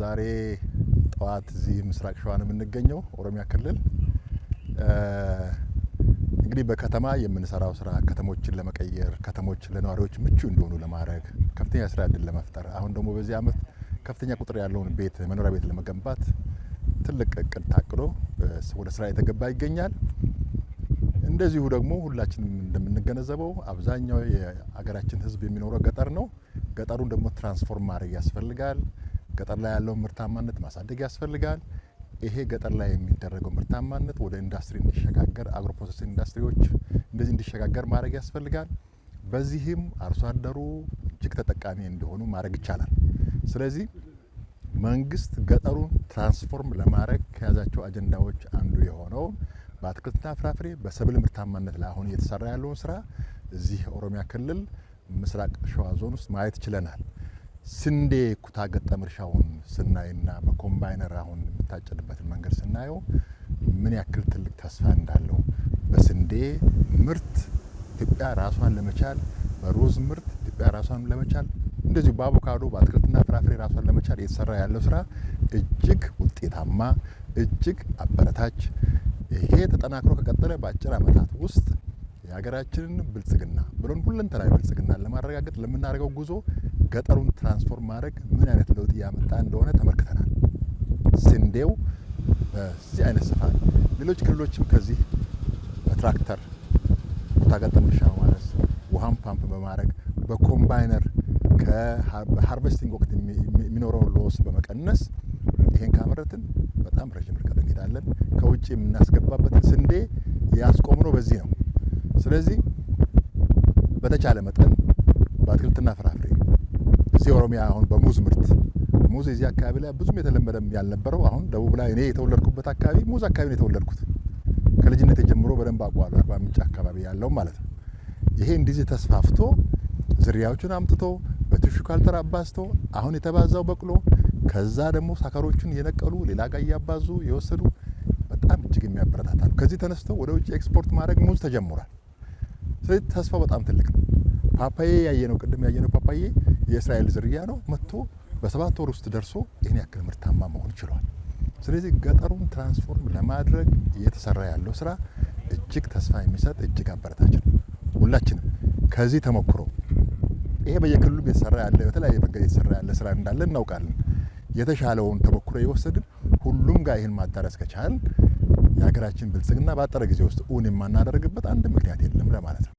ዛሬ ጠዋት እዚህ ምስራቅ ሸዋ ነው የምንገኘው ኦሮሚያ ክልል። እንግዲህ በከተማ የምንሰራው ስራ ከተሞችን ለመቀየር ከተሞች ለነዋሪዎች ምቹ እንደሆኑ ለማድረግ ከፍተኛ ስራ እድል ለመፍጠር አሁን ደግሞ በዚህ አመት ከፍተኛ ቁጥር ያለውን ቤት መኖሪያ ቤት ለመገንባት ትልቅ እቅድ ታቅዶ ወደ ስራ የተገባ ይገኛል። እንደዚሁ ደግሞ ሁላችንም እንደምንገነዘበው አብዛኛው የሀገራችን ህዝብ የሚኖረው ገጠር ነው። ገጠሩን ደግሞ ትራንስፎርም ማድረግ ያስፈልጋል። ገጠር ላይ ያለውን ምርታማነት ማሳደግ ያስፈልጋል። ይሄ ገጠር ላይ የሚደረገው ምርታማነት ወደ ኢንዱስትሪ እንዲሸጋገር አግሮ ኢንዱስትሪዎች እንደዚህ እንዲሸጋገር ማድረግ ያስፈልጋል። በዚህም አርሶ አደሩ እጅግ ተጠቃሚ እንዲሆኑ ማድረግ ይቻላል። ስለዚህ መንግስት ገጠሩን ትራንስፎርም ለማድረግ ከያዛቸው አጀንዳዎች አንዱ የሆነውን በአትክልትና ፍራፍሬ በሰብል ምርታማነት ላይ አሁን እየተሰራ ያለውን ስራ እዚህ ኦሮሚያ ክልል ምስራቅ ሸዋ ዞን ውስጥ ማየት ችለናል። ስንዴ ኩታ ገጠም እርሻውን ስናይና በኮምባይነር አሁን የሚታጨድበትን መንገድ ስናየው ምን ያክል ትልቅ ተስፋ እንዳለው በስንዴ ምርት ኢትዮጵያ ራሷን ለመቻል፣ በሩዝ ምርት ኢትዮጵያ ራሷን ለመቻል እንደዚሁ በአቮካዶ በአትክልትና ፍራፍሬ ራሷን ለመቻል እየተሰራ ያለው ስራ እጅግ ውጤታማ እጅግ አበረታች። ይሄ ተጠናክሮ ከቀጠለ በአጭር ዓመታት ውስጥ የሀገራችንን ብልጽግና ብሎን ሁለንተናዊ ብልጽግና ለማረጋገጥ ለምናደርገው ጉዞ ገጠሩን ትራንስፎርም ማድረግ ምን አይነት ለውጥ እያመጣ እንደሆነ ተመልክተናል። ስንዴው በዚህ አይነት ስፋት፣ ሌሎች ክልሎችም ከዚህ በትራክተር ቦታገጠም እርሻ በማረስ ውሃን ፓምፕ በማድረግ በኮምባይነር በሃርቨስቲንግ ወቅት የሚኖረውን ሎስ በመቀነስ ይሄን ካመረትን በጣም ረዥም ርቀት እንሄዳለን። ከውጭ የምናስገባበትን ስንዴ ያስቆምነው በዚህ ነው። ስለዚህ በተቻለ መጠን በአትክልትና ፍራፍሬ እዚህ ኦሮሚያ አሁን በሙዝ ምርት ሙዝ እዚህ አካባቢ ላይ ብዙም የተለመደም ያልነበረው አሁን ደቡብ ላይ እኔ የተወለድኩበት አካባቢ ሙዝ አካባቢ ነው የተወለድኩት። ከልጅነት ጀምሮ በደንብ አቋሉ አርባ ምንጭ አካባቢ ያለው ማለት ነው። ይሄ እንደዚህ ተስፋፍቶ ዝርያዎቹን አምጥቶ በትሹ ካልቸር አባዝቶ አሁን የተባዛው በቅሎ ከዛ ደግሞ ሳከሮቹን እየነቀሉ ሌላ ጋር እያባዙ የወሰዱ በጣም እጅግ የሚያበረታታ ነው። ከዚህ ተነስቶ ወደ ውጭ ኤክስፖርት ማድረግ ሙዝ ተጀምሯል። ስለዚህ ተስፋው በጣም ትልቅ ነው። ፓፓዬ ያየነው ቅድም ያየነው ፓፓዬ የእስራኤል ዝርያ ነው መጥቶ በሰባት ወር ውስጥ ደርሶ ይህን ያክል ምርታማ መሆን ችሏል። ስለዚህ ገጠሩን ትራንስፎርም ለማድረግ እየተሰራ ያለው ስራ እጅግ ተስፋ የሚሰጥ እጅግ አበረታች ነው። ሁላችንም ከዚህ ተሞክሮ ይሄ በየክልሉ የተሰራ ያለ በተለያየ መንገድ የተሰራ ያለ ስራ እንዳለ እናውቃለን። የተሻለውን ተሞክሮ የወሰድን ሁሉም ጋር ይህን ማዳረስ ከቻል የሀገራችን ብልጽግና በአጠረ ጊዜ ውስጥ እውን የማናደርግበት አንድ ምክንያት የለም ለማለት ነው።